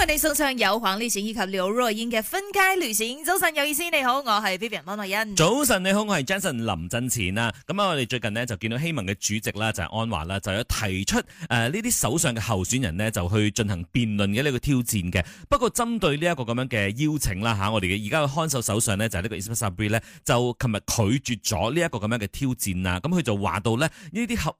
為你送上《有黃呢善》以及《廖若英》嘅《分街路線》。早晨，有意思，你好，我係 Vivian 安若欣。早晨，你好，我係 Jason 林振前啊。咁啊，我哋最近呢就見到希盟嘅主席啦，就係、是、安華啦，就有提出誒呢啲首相嘅候選人呢，就去進行辯論嘅呢個挑戰嘅。不過針對呢一個咁樣嘅邀請啦，吓、啊、我哋嘅而家嘅看守首相呢，就係、是 e、呢個 Ismail Sabri 咧，就琴日拒絕咗呢一個咁樣嘅挑戰啊。咁佢就話到呢啲後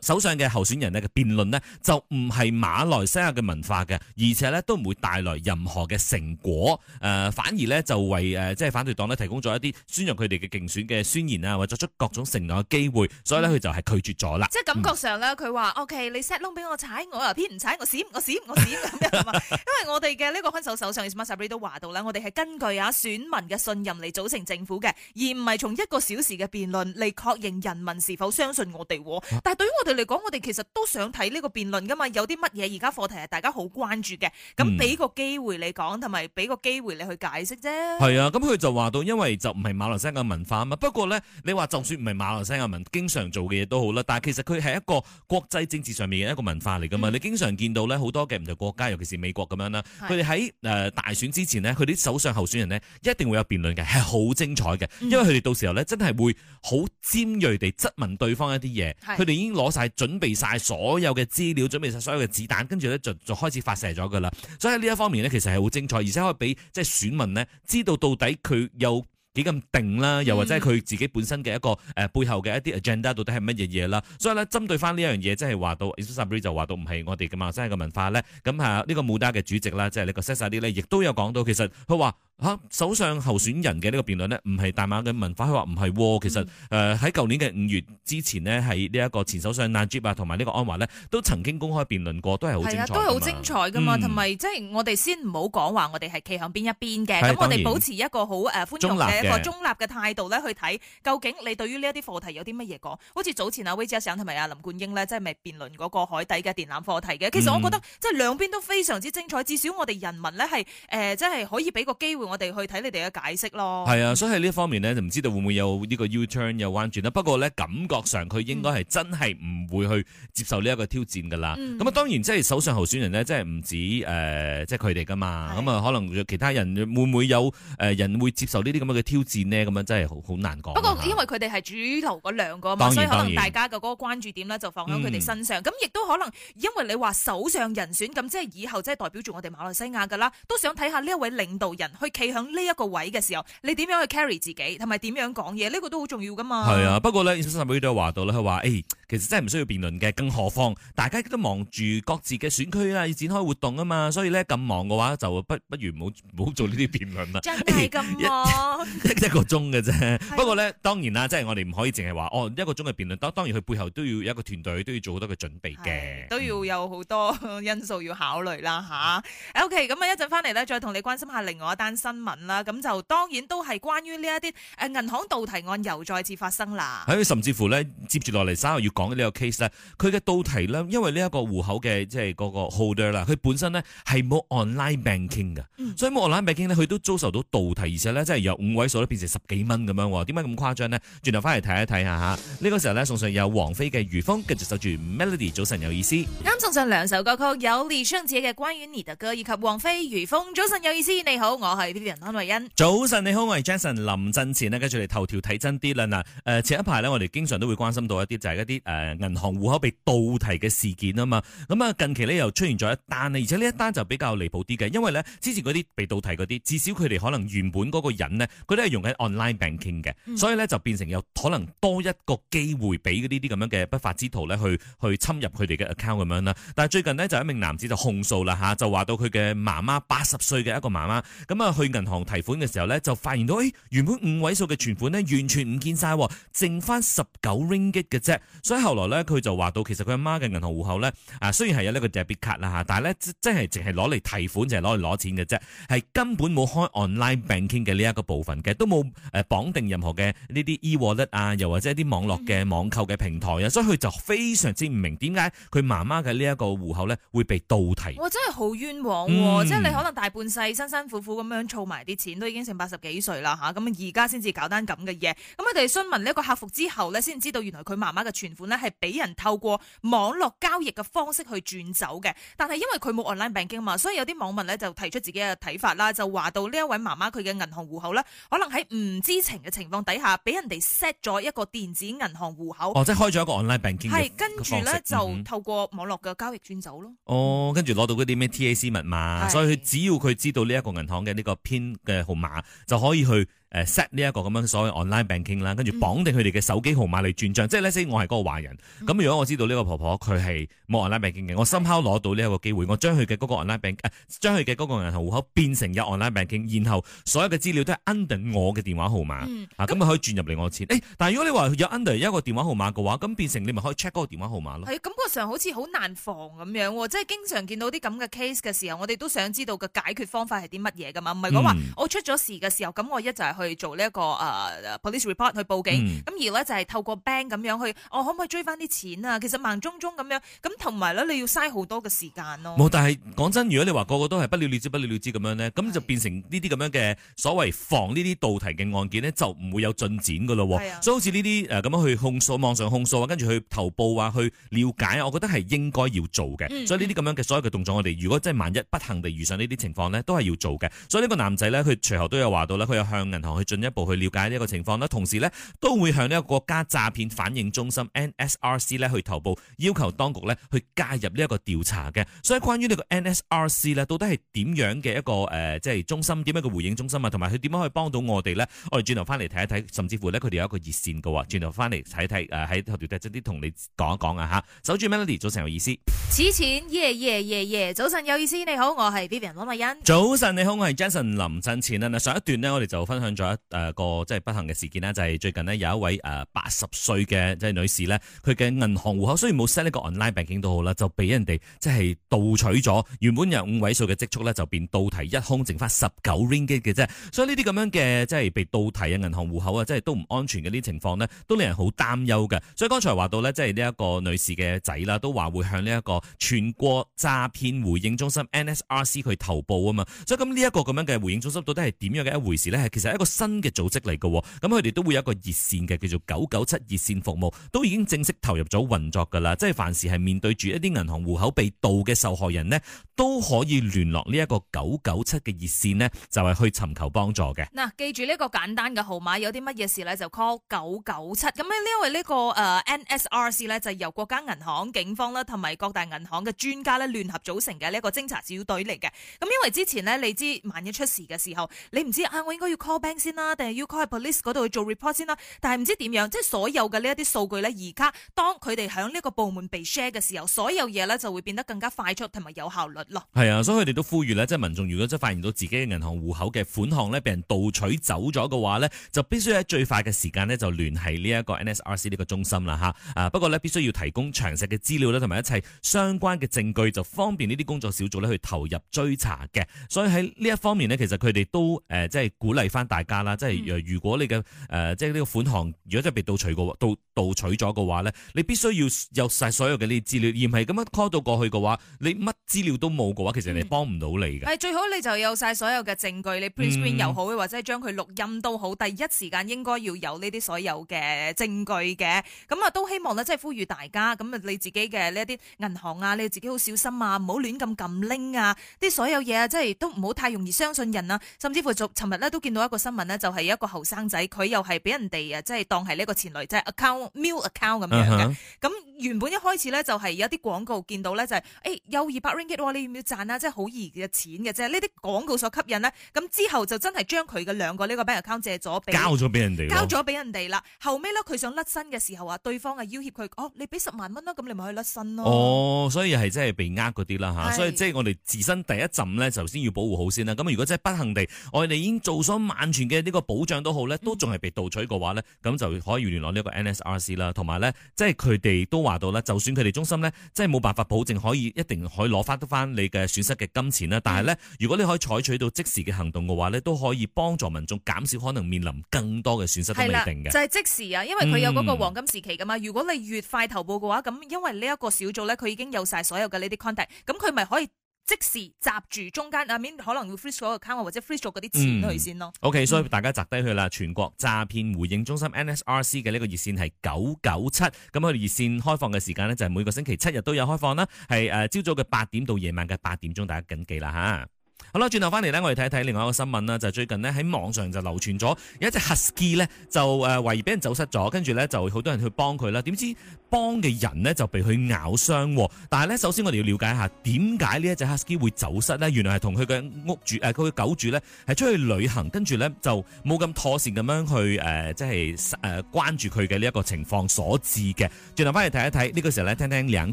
首相嘅候選人呢嘅辯論呢，就唔係馬來西亞嘅文化嘅，而且呢。都。唔會帶來任何嘅成果，誒，反而咧就為誒即係反對黨咧提供咗一啲宣揚佢哋嘅競選嘅宣言啊，或作出各種承諾嘅機會，所以咧佢就係拒絕咗啦。即係感覺上咧，佢話：OK，你 set 窿俾我踩，我又偏唔踩，我閃我閃我閃咁樣。因為我哋嘅呢個看守首相嘅馬薩比都話到啦，我哋係根據啊選民嘅信任嚟組成政府嘅，而唔係從一個小時嘅辯論嚟確認人民是否相信我哋。但係對於我哋嚟講，我哋其實都想睇呢個辯論㗎嘛，有啲乜嘢而家課題係大家好關注嘅咁。俾個機會你講，同埋俾個機會你去解釋啫。係啊，咁佢就話到，因為就唔係馬來西亞嘅文化啊嘛。不過呢，你話就算唔係馬來西亞文，經常做嘅嘢都好啦。但係其實佢係一個國際政治上面嘅一個文化嚟噶嘛。嗯、你經常見到呢，好多嘅唔同國家，尤其是美國咁樣啦，佢哋喺誒大選之前呢，佢啲首相候選人呢，一定會有辯論嘅，係好精彩嘅。因為佢哋到時候呢，真係會好尖鋭地質問對方一啲嘢，佢哋是已經攞晒準備晒所有嘅資料，準備晒所有嘅子彈，跟住呢，就就開始發射咗噶啦。所以呢一方面咧，其實係好精彩，而且可以俾即係選民咧知道到底佢有幾咁定啦，嗯、又或者佢自己本身嘅一個、呃、背後嘅一啲 agenda 到底係乜嘢嘢啦。所以咧，針對翻呢一樣嘢，即係話到 Isa Brie 就話到唔係我哋㗎嘛，真係個文化咧。咁啊，呢個 m u d a 嘅主席啦，即係你個 set 曬啲咧，亦都有講到，其實佢話。嚇，首相、啊、候選人嘅呢個辯論呢，唔係大馬嘅文化，佢話唔係。其實誒喺舊年嘅五月之前呢，喺呢一個前首相納吉啊，同埋呢個安華呢，都曾經公開辯論過，都係好精彩的。係啊，都係好精彩㗎嘛。同埋、嗯、即係我哋先唔好講話，我哋係企向邊一邊嘅。咁的我哋保持一個好誒寬容嘅一個中立嘅態度咧，去睇究竟你對於呢一啲課題有啲乜嘢講。好似早前阿 Wee Ka Siong 同埋阿林冠英呢，即係咪辯論嗰個海底嘅電纜課題嘅。其實我覺得、嗯、即係兩邊都非常之精彩。至少我哋人民呢，係、呃、誒，即係可以俾個機會。我哋去睇你哋嘅解釋咯。係啊，所以喺呢一方面呢，就唔知道會唔會有呢個 U-turn 有彎轉呢。不過呢，感覺上佢應該係真係唔會去接受呢一個挑戰噶啦。咁啊，當然即係首相候選人呢，即係唔止誒，即係佢哋噶嘛。咁啊，可能其他人會唔會有誒人會接受呢啲咁嘅挑戰呢？咁樣真係好好難講。不過因為佢哋係主流嗰兩個嘛，所以可能大家嘅嗰個關注點呢就放喺佢哋身上。咁亦都可能因為你話首相人選，咁即係以後即係代表住我哋馬來西亞噶啦，都想睇下呢一位領導人去。企響呢一個位嘅時候，你點樣去 carry 自己，同埋點樣講嘢，呢個都好重要噶嘛。係啊，不過咧，二十集尾都有話到啦，佢話誒。其實真係唔需要辯論嘅，更何況大家都忙住各自嘅選區啦、啊，要展開活動啊嘛，所以咧咁忙嘅話，就不不如唔好做呢啲辯論啦。 真係咁忙，欸、一一,一,一個鐘嘅啫。 是的不過咧，當然啦，即係我哋唔可以淨係話哦一個鐘嘅辯論，當當然佢背後都要一個團隊，都要做好多嘅準備嘅，都要有好多因素要考慮啦吓、嗯啊、OK，咁啊一陣翻嚟咧，再同你關心下另外一單新聞啦。咁就當然都係關於呢一啲誒銀行道提案又再次發生啦。甚至乎咧接住落嚟三個月。講呢個 case 咧，佢嘅盜提咧，因為呢一個戶口嘅即係嗰個 holder 啦，佢本身咧係冇 online banking 嘅，所以冇 online banking 咧，佢都遭受到盜提，而且咧即係由五位數咧變成十幾蚊咁樣，點解咁誇張呢？轉頭翻嚟睇一睇下吓，呢、這個時候咧，送上有王菲嘅如風，跟住守住 melody 早晨有意思，啱送上兩首歌曲，有李雙喜嘅《關於尼特歌》，以及王菲如風早晨有意思。你好，我係呢啲人安慧欣。早晨你好，我係 Jason 林振前呢，跟住嚟頭條睇真啲啦嗱，誒、呃、前一排咧，我哋經常都會關心到一啲就係一啲。誒，銀行戶口被盜提嘅事件啊嘛，咁啊近期呢又出現咗一單，而且呢一單就比較離譜啲嘅，因為呢之前嗰啲被盜提嗰啲，至少佢哋可能原本嗰個人呢，佢都係用喺 online banking 嘅，嗯、所以呢就變成有可能多一個機會俾呢啲咁樣嘅不法之徒呢去去侵入佢哋嘅 account 咁樣啦。但係最近呢，就一名男子就控訴啦吓，就話到佢嘅媽媽八十歲嘅一個媽媽，咁啊去銀行提款嘅時候呢，就發現到誒、哎、原本五位數嘅存款呢，完全唔見晒，剩返十九 ringgit 嘅啫，後來咧，佢就話到其實佢阿媽嘅銀行戶口咧，啊雖然係有呢個 debit card 啦嚇，但係咧真真係淨係攞嚟提款只拿來拿，就係攞嚟攞錢嘅啫，係根本冇開 online banking 嘅呢一個部分嘅，都冇誒綁定任何嘅呢啲 eWallet 啊，et, 又或者啲網絡嘅網購嘅平台啊，嗯、所以佢就非常之唔明點解佢媽媽嘅呢一個戶口咧會被盜提。哇真係好冤枉喎，嗯、即係你可能大半世辛辛苦苦咁樣儲埋啲錢，都已經成八十幾歲啦吓，咁而家先至搞單咁嘅嘢。咁佢哋詢問呢一個客服之後咧，先知道原來佢媽媽嘅存款。咧係俾人透過網絡交易嘅方式去轉走嘅，但係因為佢冇 online banking 嘛，所以有啲網民咧就提出自己嘅睇法啦，就話到呢一位媽媽佢嘅銀行戶口咧，可能喺唔知情嘅情況底下俾人哋 set 咗一個電子銀行戶口，哦，即係開咗一個 online banking 係，跟住咧、嗯、就透過網絡嘅交易轉走咯。哦，跟住攞到嗰啲咩 TAC 密碼，嗯、所以佢只要佢知道呢一個銀行嘅呢個 PIN 嘅號碼，就可以去。誒 set 呢一個咁樣所謂 online banking 啦，跟住綁定佢哋嘅手機號碼嚟轉帳，即係咧先，我係嗰個壞人。咁如果我知道呢個婆婆佢係冇 online banking 嘅，我 somehow 攞到呢一個機會，我將佢嘅嗰個 online bank 誒，將佢嘅嗰個銀行戶口變成有 online banking，然後所有嘅資料都係 under 我嘅電話號碼，啊，咁咪可以轉入嚟我錢。誒，但係如果你話有 under 一個電話號碼嘅話，咁變成你咪可以 check 嗰個電話號碼咯。係，感覺上好似好難防咁樣喎，即係經常見到啲咁嘅 case 嘅時候，我哋都想知道個解決方法係啲乜嘢噶嘛？唔係講話我出咗事嘅時候，咁我一就係。去做呢、這、一個、uh, police report 去報警，咁、嗯、而咧就係、是、透過 bank 咁樣去，我、哦、可唔可以追翻啲錢啊？其實盲中中咁樣，咁同埋咧你要嘥好多嘅時間咯、嗯。冇，但係講真，如果你話個個都係不了了之、不了了之咁樣咧，咁就變成呢啲咁樣嘅所謂防呢啲道題嘅案件咧，就唔會有進展噶咯。係是、啊、所以好似呢啲咁樣去控訴網上控訴，跟住去投報啊，去了解，我覺得係應該要做嘅。嗯、所以呢啲咁樣嘅所有嘅動作，我哋如果真係萬一不幸地遇上呢啲情況咧，都係要做嘅。所以呢個男仔咧，佢隨後都有話到咧，佢有向銀行。去進一步去了解呢個個情況，同時呢都會向呢個個國家詐騙反應中心 NSRC 呢去投報，要求當局呢去介入呢一個調查嘅。所以關於呢個 NSRC 呢，到底係點樣嘅一個即係、呃就是、中心點樣嘅回應中心啊，同埋佢點樣可以幫到我哋呢？我哋轉頭翻嚟睇一睇，甚至乎呢，佢哋有一個熱線嘅喎。轉頭翻嚟睇睇喺頭條睇真啲同你講一講啊嚇。守住 Melody，早晨有意思。此前，夜夜夜耶，早晨有意思。你好，我係 Vivian 黃麗欣。早晨你好，我係 Jason 林振前啊。上一段呢，我哋就分享。有一誒個即係不幸嘅事件呢就係、是、最近呢有一位誒八十歲嘅即係女士呢，佢嘅銀行戶口，雖然冇 set 呢個 online banking 都好啦，就俾人哋即係盜取咗，原本有五位數嘅積蓄呢，就變盜提一空，剩返十九 Ringgit 嘅啫。所以呢啲咁樣嘅即係被盜提嘅銀行戶口啊，即係都唔安全嘅呢啲情況呢，都令人好擔憂嘅。所以剛才話到呢，即係呢一個女士嘅仔啦，都話會向呢一個全國詐騙回應中心 NSRC 去投報啊嘛。所以咁呢一個咁樣嘅回應中心到底係點樣嘅一回事呢？其實一個。新嘅組織嚟嘅，咁佢哋都會有一個熱線嘅，叫做九九七熱線服務，都已經正式投入咗運作㗎喇。即係凡事係面對住一啲銀行戶口被盜嘅受害人呢，都可以聯絡呢一個九九七嘅熱線呢，就係去尋求幫助嘅。嗱，記住呢一個簡單嘅號碼，有啲乜嘢事呢？就 call 九九七。咁呢因為呢、呢個誒、uh, NSRC 呢，就係、由國家銀行、警方啦同埋各大銀行嘅專家咧聯合組成嘅呢一個偵查小隊嚟嘅。咁因為之前呢，你知萬一出事嘅時候，你唔知啊，我應該要 call bank 先啦，定係要 call 喺 police 嗰度去做 report 先啦。但係唔知點樣，即係所有嘅呢一啲數據咧，而家當佢哋響呢個部門被 share 嘅時候，所有嘢咧就會變得更加快速同埋有效率咯。係啊，所以佢哋都呼籲咧，即係民眾如果即係發現到自己嘅銀行戶口嘅款項咧被人盜取走咗嘅話咧，就必須喺最快嘅時間咧就聯繫呢一個 NSRC 呢個中心啦吓。啊，不過咧必須要提供詳細嘅資料咧同埋一切相關嘅證據，就方便呢啲工作小組咧去投入追查嘅。所以喺呢一方面呢，其實佢哋都誒即係鼓勵翻大。大家啦，即係誒如果你嘅誒、呃、即係呢個款項如果真係被盜取嘅喎，盜盜取咗嘅話咧，你必須要有晒所有嘅呢啲資料，而唔係咁樣 call 到過去嘅話，你乜資料都冇嘅話，其實你幫唔到你嘅。係、嗯、最好你就有晒所有嘅證據，你 print screen 又好，嗯、或者將佢錄音都好，第一時間應該要有呢啲所有嘅證據嘅。咁啊，都希望咧，即係呼籲大家，咁啊你自己嘅呢一啲銀行啊，你自己好小心啊，唔好亂咁撳拎啊，啲所有嘢啊，即係都唔好太容易相信人啊。甚至乎昨尋日咧都見到一個新聞呢，就係、是、一個後生仔，佢又係俾人哋啊，即、就、係、是、當係呢個前來即係 account。就是 acc ount, account 咁樣，咁原本一開始咧就係有啲廣告見到咧就係、是，誒、欸、有二百 ringgit，你要唔要賺啊？即係好易嘅錢嘅啫，呢啲廣告所吸引咧，咁之後就真係將佢嘅兩個呢個 bank account 借咗，交咗俾人哋,交咗俾人哋啦。後尾咧佢想甩身嘅時候啊，對方啊要挾佢，哦，你俾十萬蚊啦，咁你咪可以甩身咯。哦，以 oh, 所以係真係被呃嗰啲啦吓，是所以即係我哋自身第一陣咧就先要保護好先啦。咁如果真係不幸地，我哋已經做咗萬全嘅呢個保障都好咧，都仲係被盜取嘅話咧，咁、mm. 就可以聯絡呢個 NSR。啦，同埋咧，即係佢哋都話到咧，就算佢哋中心咧，即係冇辦法保證可以一定可以攞翻得翻你嘅損失嘅金錢啦。但係咧，如果你可以採取到即時嘅行動嘅話咧，都可以幫助民眾減少可能面臨更多嘅損失都未定嘅。就係、是、即時啊，因為佢有嗰個黃金時期噶嘛。嗯、如果你越快投報嘅話，咁因為呢一個小組咧，佢已經有晒所有嘅呢啲 contact，咁佢咪可以。即時閘住中間，阿、啊、可能會 freeze 嗰個卡或者 freeze 咗嗰啲錢去先咯、嗯。OK，所以大家摘低佢啦。嗯、全國詐騙回應中心 NSRC 嘅呢個熱線係九九七，咁佢熱線開放嘅時間咧就係、是、每個星期七日都有開放啦。係誒，朝、呃、早嘅八點到夜晚嘅八點鐘，大家緊記啦嚇。好啦，轉頭翻嚟呢，我哋睇一睇另外一個新聞啦，就是、最近呢，喺網上就流傳咗有一隻 Husky 呢，就誒懷疑俾人走失咗，跟住呢，就好多人去幫佢啦，點知幫嘅人呢，就被佢咬傷。但係呢，首先我哋要了解下點解呢一隻 Husky 會走失呢？原來係同佢嘅屋主，誒佢嘅狗主呢，係出去旅行，跟住呢，就冇咁妥善咁樣去、呃、即係誒、呃、關注佢嘅呢一個情況所致嘅。轉頭翻嚟睇一睇，呢、這個時候呢，聽聽梁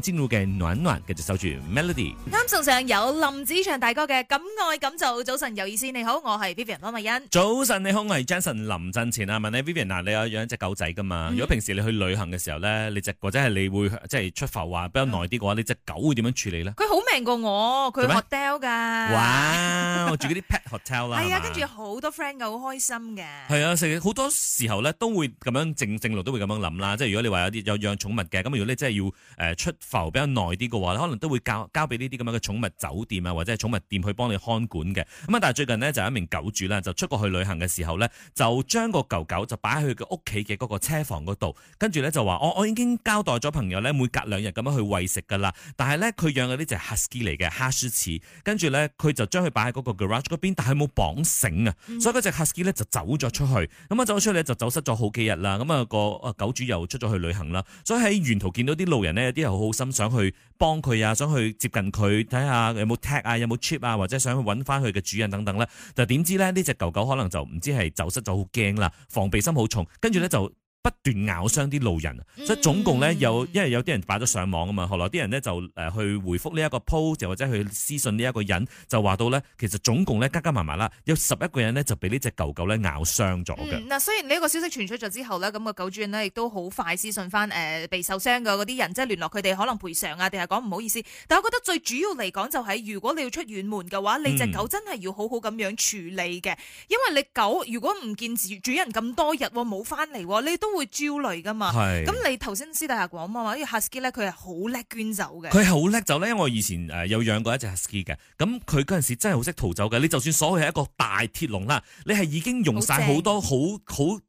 靜茹嘅《暖暖》着着，繼續守住 Melody。啱送上有林子祥大哥嘅《感愛咁做，早晨有意思，你好，我係 Vivian 溫慧欣。早晨，你好，我係 Jason 林振前啊，問你 Vivian 嗱，你有養一隻狗仔噶嘛？嗯、如果平時你去旅行嘅時候咧，你只或者係你會即係出埠啊，比較耐啲嘅話，嗯、你隻狗會點樣處理咧？佢好。過我佢 hotel 噶，哇！我住嗰啲 pet hotel 啦 吧，係啊，跟住好多 friend 好開心嘅。係啊，食，好多時候咧都會咁樣，正正路都會咁樣諗啦。即係如果你話有啲有養寵物嘅，咁如果你真係要誒出埠，比較耐啲嘅話可能都會交交俾呢啲咁樣嘅寵物酒店啊，或者係寵物店去幫你看管嘅。咁啊，但係最近呢，就有一名狗主啦，就出過去旅行嘅時候咧，就將個狗狗就擺喺佢屋企嘅嗰個車房嗰度，跟住咧就話，我我已經交代咗朋友咧，每隔兩日咁樣去餵食噶啦。但係咧佢養嗰啲就嚟嘅哈士奇，跟住咧佢就將佢擺喺嗰個 garage 嗰邊，但係冇綁繩啊，所以嗰隻哈士奇咧就走咗出去，咁啊走咗出去咧就走失咗好幾日啦，咁、那、啊個啊狗主又出咗去旅行啦，所以喺沿途見到啲路人呢，有啲人好好心想去幫佢啊，想去接近佢睇下有冇 tag 啊，有冇 chip 啊，或者想去搵翻佢嘅主人等等咧，就點知咧呢隻狗狗可能就唔知係走失就好驚啦，防備心好重，跟住咧就。不斷咬傷啲路人，嗯、所以總共咧有，因為有啲人擺咗上網啊嘛，後來啲人咧就誒去回覆呢一個 post，就或者去私信呢一個人，就話到咧，其實總共咧加加埋埋啦，有十一個人咧就俾呢隻狗狗咧咬傷咗嘅。嗱、嗯，雖然呢個消息傳出咗之後呢，咁、個狗主人呢，亦都好快私信翻誒，被受傷嘅嗰啲人，即係聯絡佢哋可能賠償啊，定係講唔好意思。但我覺得最主要嚟講就係、是，如果你要出遠門嘅話，嗯、你隻狗真係要好好咁樣處理嘅，因為你狗如果唔見主人咁多日，冇翻嚟，你都，會焦慮噶嘛？係咁是，你頭先斯大夏講啊嘛，呢、那個哈 k y 咧，佢係好叻捐走嘅。佢係好叻走咧，因為我以前誒有養過一隻哈 k y 嘅，咁佢嗰陣時真係好識逃走嘅。你就算鎖佢係一個大鐵籠啦，你係已經用晒好多好好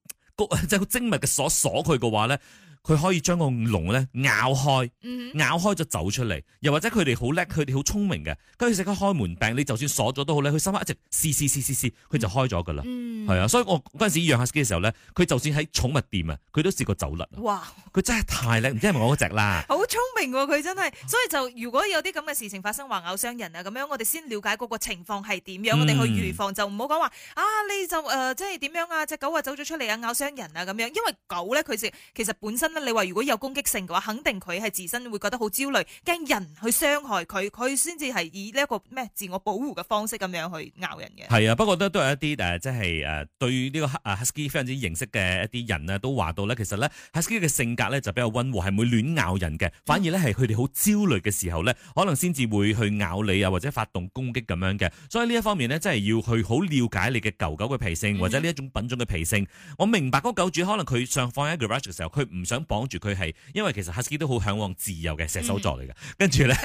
即係精密嘅鎖鎖佢嘅話咧，佢可以將個籠咧咬開，咬開就走出嚟。又或者佢哋好叻，佢哋好聰明嘅。跟住成日開門柄，你就算鎖咗都好咧，佢心一直試試試試試，佢就開咗噶啦。係、嗯、啊，所以我嗰陣時養下嘅時候咧，佢就算喺寵物店啊，佢都試過走甩。哇！佢真係太叻，唔知係咪我嗰隻啦。好聰明喎，佢、 啊、真係。所以就如果有啲咁嘅事情發生，話咬傷人啊咁樣，我哋先了解嗰個情況係點樣，我哋去預防就唔好講話啊！你就誒、呃、即係點樣啊？隻狗話走咗出嚟啊，咬傷人啊咁樣。因為狗咧，佢就其實本身。咁你話如果有攻擊性嘅話，肯定佢係自身會覺得好焦慮，驚人去傷害佢，佢先至係以呢一個咩自我保護嘅方式咁樣去咬人嘅。係啊，不過咧都有一啲誒，即係誒，對呢個啊 Husky 非常之認識嘅一啲人咧，都話到咧，其實咧 Husky 嘅性格咧就比較溫和，係唔會亂咬人嘅，反而咧係佢哋好焦慮嘅時候咧，可能先至會去咬你啊，或者發動攻擊咁樣嘅。所以呢一方面咧，真係要去好了解你嘅狗狗嘅脾性，或者呢一種品種嘅脾性。我明白嗰個狗主可能佢想放喺個 garage 嘅時候，佢唔想。綁住佢係，因為其實哈斯基都好向往自由嘅，射手座嚟嘅，跟住咧。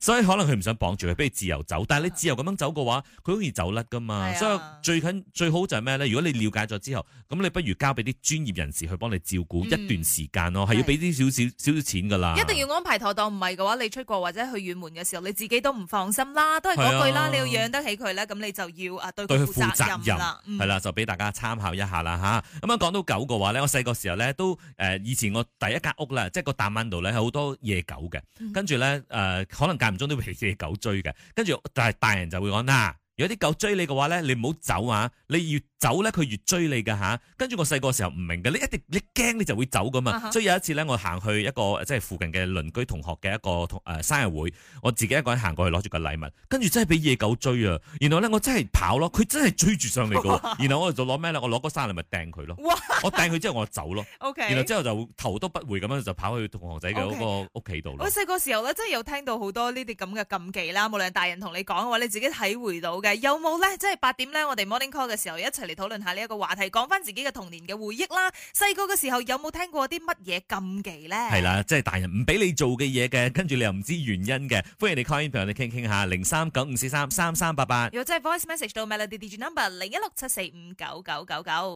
所以可能佢唔想綁住佢，不如自由走。但係你自由咁樣走嘅話，佢好易走甩噶嘛。啊、所以最近最好就係咩咧？如果你了解咗之後，咁你不如交俾啲專業人士去幫你照顧一段時間咯。係、嗯、要俾啲少少少少錢噶啦。一定要安排妥當，唔係嘅話，你出國或者去遠門嘅時候，你自己都唔放心啦。都係嗰句啦，啊、你要養得起佢咧，咁你就要啊對佢負責任啦。係、嗯、啦，就俾大家參考一下啦吓，咁樣講到狗嘅話咧，我細個時候咧都誒、呃，以前我第一間屋啦，即係個大灣度咧，好多野狗嘅。跟住咧誒，可能。間唔中都會俾隻狗追嘅，跟住但係大人就會講啦。有啲狗追你嘅話咧，你唔好走啊！你越走咧，佢越追你㗎吓。跟住我細個嘅時候唔明㗎，你一定你驚你就會走噶嘛。Uh huh. 所以有一次咧，我行去一個即係附近嘅鄰居同學嘅一個同生日會，我自己一個人行過去攞住個禮物，跟住真係俾野狗追啊！然後咧我真係跑咯，佢真係追住上嚟嘅。然後我，哇然後我就攞咩咧？我攞個生日禮物掟佢咯。哇我掟佢之後我就走咯。Okay. 然後之後就頭都不回咁樣就跑去同學仔嘅屋屋企度咯。我，細個時候咧真係有聽到好多呢啲咁嘅禁忌啦，無論大人同你講嘅話，你自己體會到嘅。有冇咧？即係八點咧，我哋 Morning Call 嘅時候一齊嚟，討論下呢一個話題，講翻自己嘅童年嘅回憶啦。細個嘅時候有冇聽過啲乜嘢禁忌咧？係啦，即係大人唔俾你做嘅嘢嘅，跟住你又唔知原因嘅。歡迎你 call in 俾我哋傾傾下，零三九五四三三三八八，又即係 voice message 到 Melody Digi Number 零一六七四五九九九九。